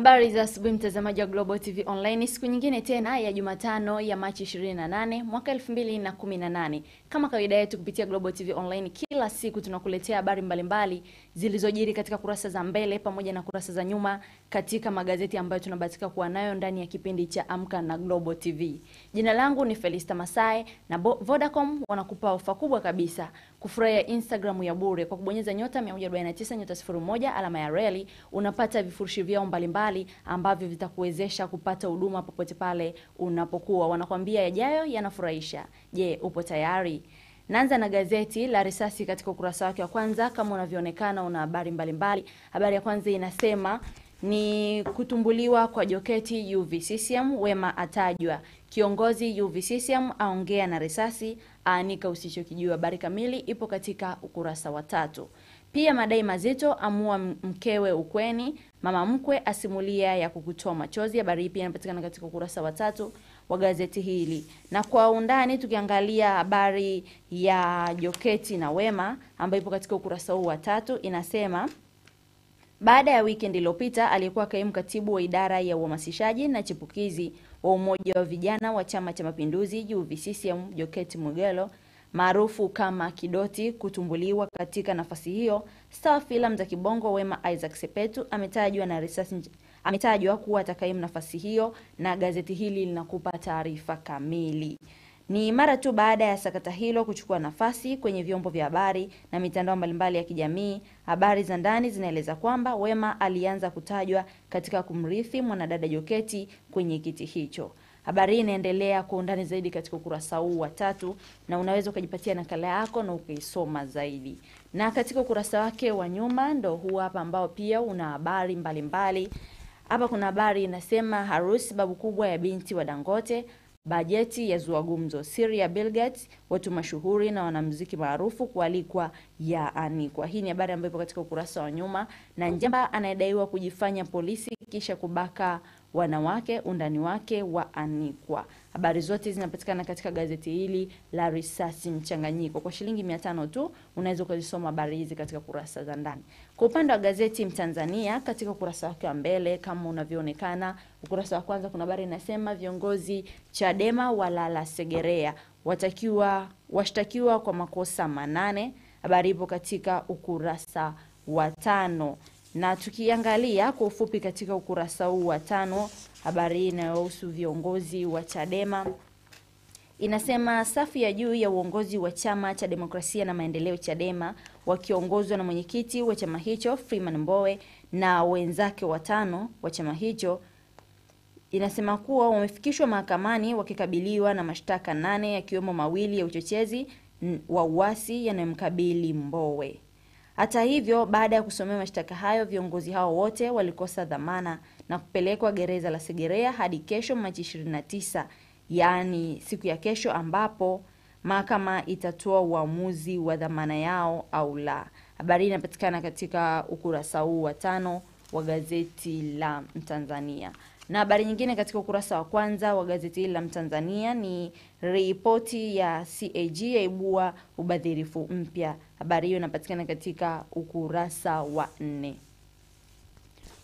Habari za asubuhi mtazamaji wa Global TV Online, siku nyingine tena ya Jumatano ya Machi 28 mwaka 2018. Kama kawaida yetu kupitia Global TV Online, kila siku tunakuletea habari mbalimbali zilizojiri katika kurasa za mbele pamoja na kurasa za nyuma katika magazeti ambayo tunabahatika kuwa nayo ndani ya kipindi cha Amka na Global TV. Jina langu ni Felista Masai na Vodacom wanakupa ofa kubwa kabisa kufurahia Instagram ya bure kwa kubonyeza nyota 149 nyota 01 alama ya reli. Unapata vifurushi vyao mbalimbali ambavyo vitakuwezesha kupata huduma popote pale unapokuwa. Wanakwambia yajayo yanafurahisha. Je, upo tayari? Naanza na gazeti la Risasi katika ukurasa wake wa kwanza, kama unavyoonekana, una habari mbalimbali. Habari ya kwanza inasema ni kutumbuliwa kwa Joketi UVCCM, Wema atajwa kiongozi UVCCM, aongea na risasi, aanika usichokijua. Habari kamili ipo katika ukurasa wa tatu. Pia madai mazito, amua mkewe ukweni, mama mkwe asimulia ya kukutoa machozi. Habari hii pia inapatikana katika ukurasa wa tatu wa gazeti hili. Na kwa undani tukiangalia habari ya Joketi na Wema ambayo ipo katika ukurasa huu wa tatu inasema baada ya wikendi iliyopita, aliyekuwa kaimu katibu wa idara ya uhamasishaji na chipukizi wa Umoja wa Vijana wa Chama cha Mapinduzi UVCCM Joketi Mwegelo maarufu kama Kidoti kutumbuliwa katika nafasi hiyo, star wa filamu za kibongo Wema Isaac Sepetu ametajwa na risasi ametajwa kuwa atakaimu nafasi hiyo, na gazeti hili linakupa taarifa kamili. Ni mara tu baada ya sakata hilo kuchukua nafasi kwenye vyombo vya habari na mitandao mbalimbali ya kijamii, habari za ndani zinaeleza kwamba Wema alianza kutajwa katika kumrithi mwanadada Joketi kwenye kiti hicho. Habari hii inaendelea kwa undani zaidi katika ukurasa huu wa tatu, na unaweza ukajipatia nakala yako na ukaisoma zaidi. Na katika ukurasa wake wa nyuma ndo huu hapa, ambao pia una habari mbalimbali hapa kuna habari inasema harusi babu kubwa ya binti wa Dangote Bajeti ya zua gumzo, siri ya Bill Gates, watu mashuhuri na wanamuziki maarufu kualikwa yaanikwa. Hii ni habari ambayo ipo katika ukurasa wa nyuma. Na njamba anayedaiwa kujifanya polisi kisha kubaka wanawake undani wake waanikwa. Habari zote zinapatikana katika gazeti hili la Risasi Mchanganyiko. Kwa shilingi mia tano tu unaweza ukazisoma habari hizi katika kurasa za ndani. Kwa upande wa gazeti Mtanzania, katika ukurasa wake wa mbele kama unavyoonekana, ukurasa wa kwanza kuna habari inasema viongozi Chadema walala Segerea, watakiwa washtakiwa kwa makosa manane. Habari ipo katika ukurasa wa tano. Na tukiangalia kwa ufupi katika ukurasa huu wa tano, habari hii inayohusu viongozi wa Chadema inasema safu ya juu ya uongozi wa chama cha demokrasia na maendeleo Chadema wakiongozwa na mwenyekiti wa chama hicho Freeman Mbowe na wenzake watano wa chama hicho inasema kuwa wamefikishwa mahakamani wakikabiliwa na mashtaka nane yakiwemo mawili ya uchochezi wa uasi yanayomkabili Mbowe. Hata hivyo, baada ya kusomewa mashtaka hayo, viongozi hao wote walikosa dhamana na kupelekwa gereza la Segerea hadi kesho Machi 29, yaani siku ya kesho, ambapo mahakama itatoa uamuzi wa dhamana yao au la. Habari inapatikana katika ukurasa huu wa tano wa gazeti la Mtanzania. Na habari nyingine katika ukurasa wa kwanza wa gazeti hili la Mtanzania ni ripoti ya CAG yaibua ubadhirifu mpya. Habari hiyo inapatikana katika ukurasa wa nne.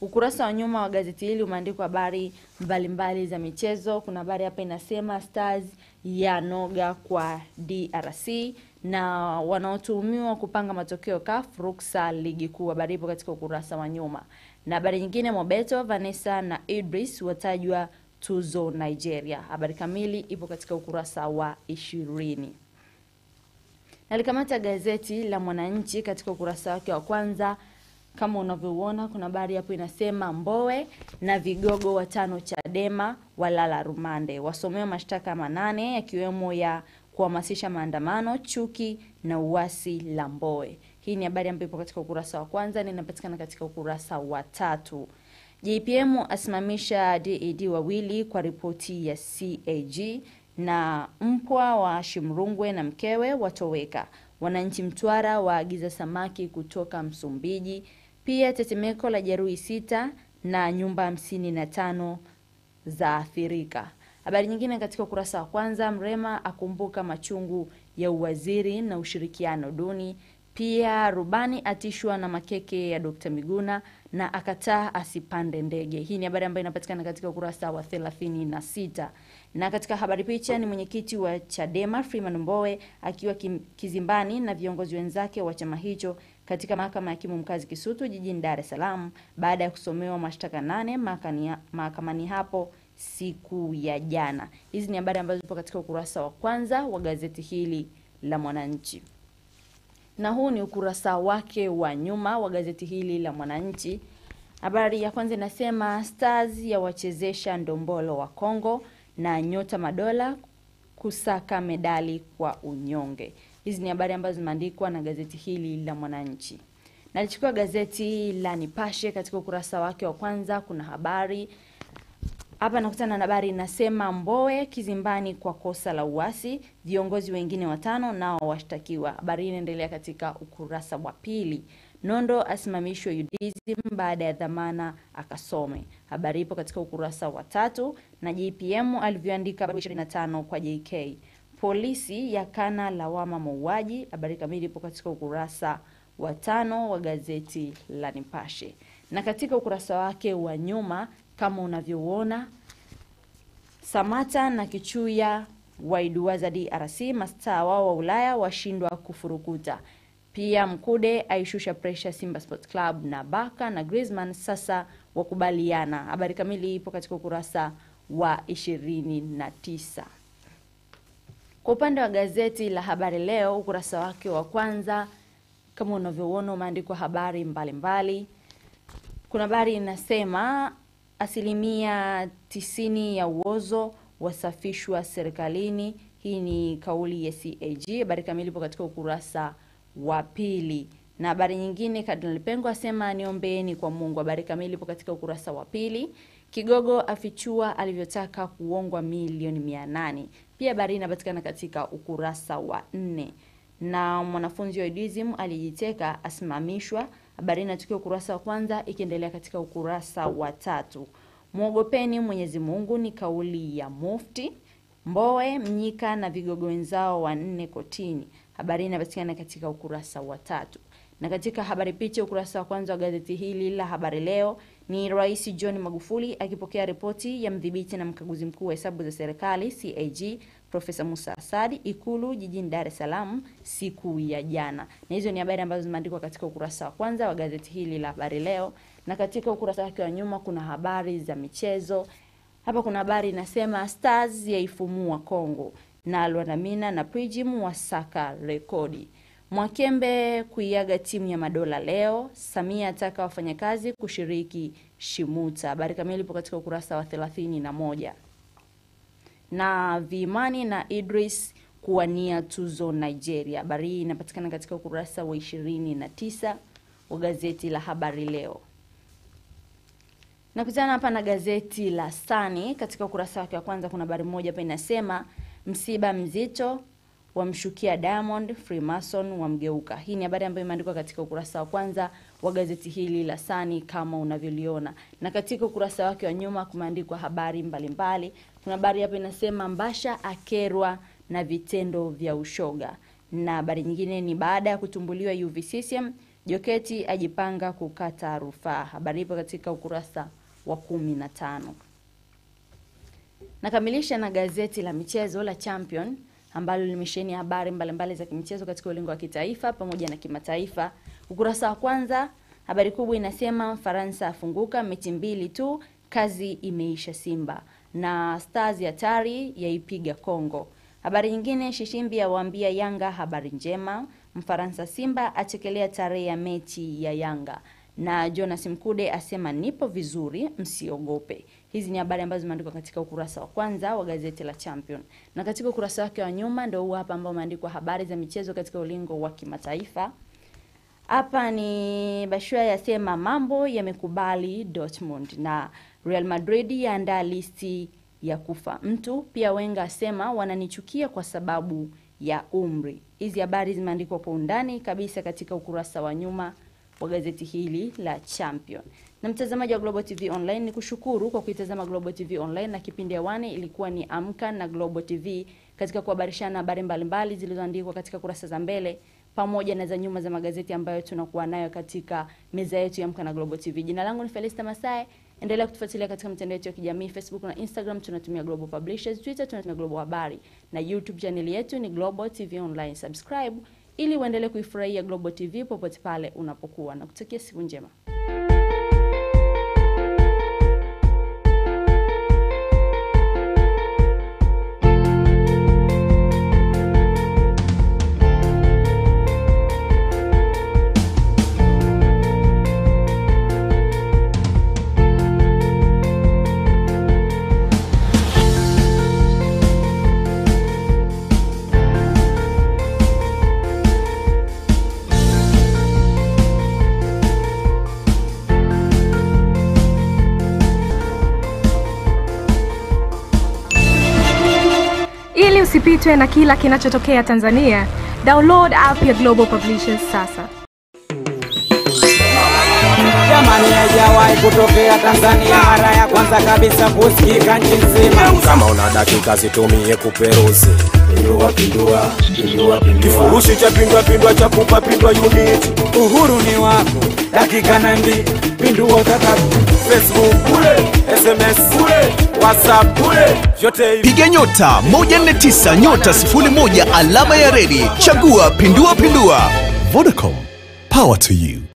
Ukurasa wa nyuma wa gazeti hili umeandikwa habari mbalimbali za michezo. Kuna habari hapa inasema Stars ya noga kwa DRC na wanaotuhumiwa kupanga matokeo CAF ruksa ligi kuu. Habari ipo katika ukurasa wa nyuma. Na habari nyingine, Mobeto, Vanessa na Idris watajwa tuzo Nigeria. Habari kamili ipo katika ukurasa wa ishirini. Nalikamata gazeti la Mwananchi katika ukurasa wake wa kwanza kama unavyoona kuna habari hapo inasema, Mbowe na vigogo watano Chadema walala rumande, wasomewa mashtaka manane yakiwemo ya kuhamasisha maandamano, chuki na uasi la Mbowe. Hii ni habari ambayo ipo katika ukurasa wa kwanza na inapatikana katika ukurasa wa tatu. JPM asimamisha DED e wawili kwa ripoti ya CAG na mpwa wa Shimrungwe na mkewe watoweka. Wananchi Mtwara waagiza samaki kutoka Msumbiji. Pia tetemeko la jeruhi sita na nyumba hamsini na tano za athirika. Habari nyingine katika ukurasa wa kwanza, Mrema akumbuka machungu ya uwaziri na ushirikiano duni. Pia rubani atishwa na makeke ya d Miguna na akataa asipande ndege. Hii ni habari ambayo inapatikana katika ukurasa wa 36. Na katika habari picha ni mwenyekiti wa Chadema Freeman Mbowe akiwa kizimbani na viongozi wenzake wa chama hicho katika mahakama ya hakimu mkazi Kisutu jijini Dar es Salaam baada ya kusomewa mashtaka nane mahakamani hapo siku ya jana. Hizi ni habari ambazo zipo katika ukurasa wa kwanza wa gazeti hili la Mwananchi na huu ni ukurasa wake wa nyuma wa gazeti hili la Mwananchi. Habari ya kwanza inasema Stars ya wachezesha ndombolo wa Kongo na nyota madola kusaka medali kwa unyonge. Hizi ni habari ambazo zimeandikwa na gazeti hili la Mwananchi. Nalichukua gazeti la Nipashe, katika ukurasa wake wa kwanza kuna habari hapa nakutana na habari inasema Mbowe kizimbani kwa kosa la uasi, viongozi wengine watano nao washtakiwa. Habari inaendelea katika ukurasa wa pili. Nondo asimamishwe UDSM baada ya dhamana akasome. Habari ipo katika ukurasa wa tatu, na JPM alivyoandika 25 kwa JK. Polisi yakana lawama mauaji. Habari kamili ipo katika ukurasa wa tano wa gazeti la Nipashe, na katika ukurasa wake wa nyuma kama unavyoona Samata na Kichuya waiduaza DRC, mastaa wao wa Ulaya washindwa kufurukuta. Pia Mkude aishusha presha Simba Sports Club na Baka na Griezmann sasa wakubaliana. Habari kamili ipo katika ukurasa wa 29. Kwa upande wa gazeti la Habari Leo ukurasa wake wa kwanza, kama unavyoona, umeandikwa habari mbalimbali mbali. Kuna habari inasema asilimia tisini ya uozo wasafishwa serikalini. Hii ni kauli ya CAG. Habari kamili ipo katika ukurasa wa pili. Na habari nyingine, Kardinali Pengo asema niombeeni kwa Mungu. Habari kamili ipo katika ukurasa wa pili. Kigogo afichua alivyotaka kuongwa milioni mia nane. Pia habari inapatikana katika ukurasa wa nne. Na mwanafunzi wa Judaism alijiteka asimamishwa Habari inatokea ukurasa wa kwanza ikiendelea katika ukurasa wa tatu. Mwogopeni Mwenyezi Mungu ni kauli ya Mufti. Mbowe, Mnyika na vigogo wenzao wanne kotini. Habari inapatikana katika ukurasa wa tatu. Na katika habari picha ukurasa wa kwanza wa gazeti hili la Habari Leo ni Rais John Magufuli akipokea ripoti ya mdhibiti na mkaguzi mkuu wa hesabu za serikali CAG Profesa Musa Asadi Ikulu jijini Dar es Salaam siku ya jana. Na hizo ni habari ambazo zimeandikwa katika ukurasa wa kwanza wa gazeti hili la Habari Leo, na katika ukurasa wake wa nyuma kuna habari za michezo. Hapa kuna habari inasema Stars yaifumua Kongo, na Lwandamina na Prijim wasaka rekodi. Mwakembe kuiaga timu ya madola leo. Samia ataka wafanyakazi kushiriki Shimuta. Habari kamili ipo katika ukurasa wa 31. Na Vimani na Idris kuwania tuzo Nigeria. Habari hii inapatikana katika ukurasa wa tisa wa gazeti la Habari Leo. Nakutana hapa na gazeti la Sani. Katika ukurasa wake wa kwanza kuna habari moja hapa inasema msiba mzito wamshukia Diamond, Freemason wamgeuka. Hii ni habari ambayo imeandikwa katika ukurasa wa kwanza wa gazeti hili la Sani kama unavyoliona, na katika ukurasa wake wa nyuma kumeandikwa habari mbalimbali. Kuna habari hapa inasema Mbasha akerwa na vitendo vya ushoga, na habari nyingine ni baada ya kutumbuliwa UVCCM, Joketi ajipanga kukata rufaa. Habari ipo katika ukurasa wa kumi na tano. Nakamilisha na gazeti la michezo la Champion ambalo limesheni habari mbalimbali za kimichezo katika ulingo wa kitaifa pamoja na kimataifa. Ukurasa wa kwanza, habari kubwa inasema Faransa afunguka, mechi mbili tu, kazi imeisha Simba na Stars hatari yaipiga Kongo. Habari nyingine, Shishimbi awaambia Yanga habari njema. Mfaransa Simba achekelea tarehe ya mechi ya Yanga na Jonas Mkude asema nipo vizuri, msiogope. Hizi ni habari ambazo zimeandikwa katika ukurasa wa kwanza wa gazeti la Champion, na katika ukurasa wake wa nyuma ndio huu hapa ambao umeandikwa habari za michezo katika ulingo wa kimataifa. Hapa ni Bashua yasema mambo yamekubali Dortmund na Real Madrid yaandaa listi ya kufa mtu. Pia Wenga asema wananichukia kwa sababu ya umri. Hizi habari zimeandikwa kwa undani kabisa katika ukurasa wa nyuma wa gazeti hili la Champion. Na mtazamaji wa Global TV Online, ni kushukuru kwa kuitazama Global TV Online, na kipindi awani ilikuwa ni Amka na Global TV katika kuhabarishana habari mbalimbali zilizoandikwa katika kurasa za mbele pamoja na za nyuma za magazeti ambayo tunakuwa nayo katika meza yetu ya Amka na Global TV. Jina langu ni Felista Masae. Endelea kutufuatilia katika mitandao yetu ya kijamii Facebook na Instagram tunatumia Global Publishers, Twitter tunatumia Global Habari na YouTube channel yetu ni Global TV Online. Subscribe ili uendelee kuifurahia Global TV popote pale unapokuwa, na kutakia siku njema. Usipitwe na kila kinachotokea Tanzania. Download app ya Global Publishers sasa. Jamani, haijawahi kutokea Tanzania, mara ya kwanza kabisa kusikika nchi nzimakama una dakika zitumie kuperuzi Kifurushi cha pindua pindua cha kupa pindua unit. Uhuru ni wako, dakika 90, pindua kaka. Facebook bure, SMS bure, WhatsApp bure, vyote piga nyota 149 nyota 01 alama ya redi, chagua pindua pindua. Vodacom, power to you.